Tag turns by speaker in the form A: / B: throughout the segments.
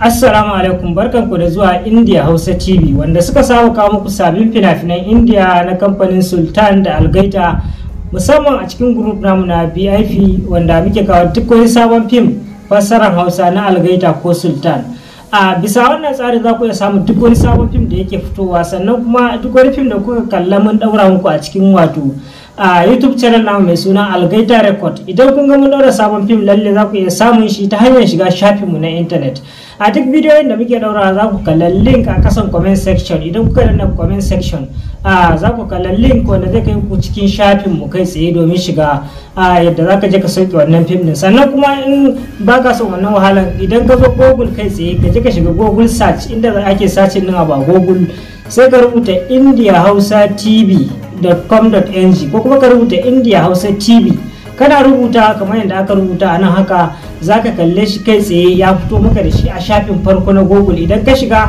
A: Assalamu alaikum barkanku da zuwa India Hausa TV wanda suka samu kawo muku sabbin fina-finan India na kamfanin Sultan da Algaita musamman a cikin group namu na BIP wanda muke kawo duk wani sabon fim fassarar Hausa na Algaita ko Sultan. A bisa wannan tsari za ku iya samu duk wani sabon fim da yake fitowa sannan kuma duk wani fim da kuka kalla mun daura muku a cikin wato a youtube channel namu mai suna algaita record idan kun ga mun daura sabon fim lalle za ku iya samun shi ta hanyar shiga shafin mu na intanet a duk bidiyoyin da muke daura za ku kalla link a kasan comment section idan kuka danna comment section a za ku kalla link wanda zai kai ku cikin shafin mu kai tsaye domin shiga a yadda za ka je ka sauke wannan fim din sannan kuma in ba ka son wannan wahalan idan ka zo google kai tsaye ka je ka shiga google search inda ake searching din a ba google sai ka rubuta india hausa tv www.indiahausa.com.ng ko kuma ka rubuta india hausa tv kana rubuta kamar yadda aka rubuta a nan haka za ka kalle shi kai tsaye ya fito maka da shi a shafin farko na google idan ka shiga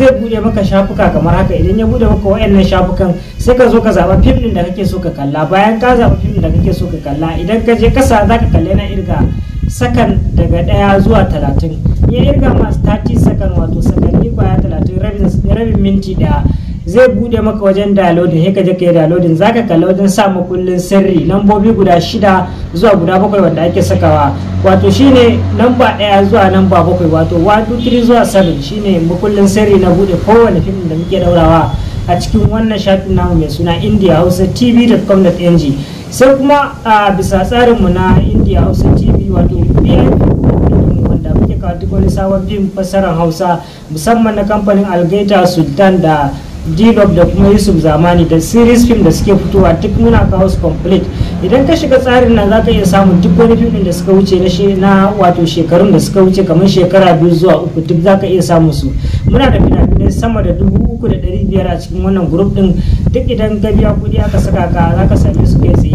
A: zai bude maka shafuka kamar haka idan ya bude maka wayannan shafukan sai ka zo ka zaba fim din da kake so ka kalla bayan ka zaba fim ɗin da kake so ka kalla idan ka je kasa za ka kalle na irga sakan daga ɗaya zuwa talatin ya irga masu 30 sakan wato sakanni kwaya talatin rabin minti ɗaya zai bude maka wajen downloading sai ka je ka yi downloading zaka kalla wajen sa makullin sirri lambobi guda shida zuwa guda bakwai wanda ake sakawa wato shine namba ɗaya zuwa namba bakwai wato 123 zuwa 7 shine makullin sirri na bude kowane fim da muke daurawa a cikin wannan shafin namu mai suna india hausa tv.com.ng sai kuma a bisa tsarinmu na india hausa tv wato wanda muke kawo duk wani sabon bin fassarar hausa musamman na kamfanin algaita sultan da d da kuma yusuf zamani da series film da suke fitowa duk muna ka house complete idan ka shiga tsarin nan za ka iya samun duk wani filmin da suka wuce na na wato shekarun da suka wuce kamar shekara biyu zuwa uku duk za ka iya samun su muna da fina-finai sama da dubu uku da ɗari biyar a cikin wannan group din duk idan ka biya kuɗi aka saka ka za ka same su kai tsaye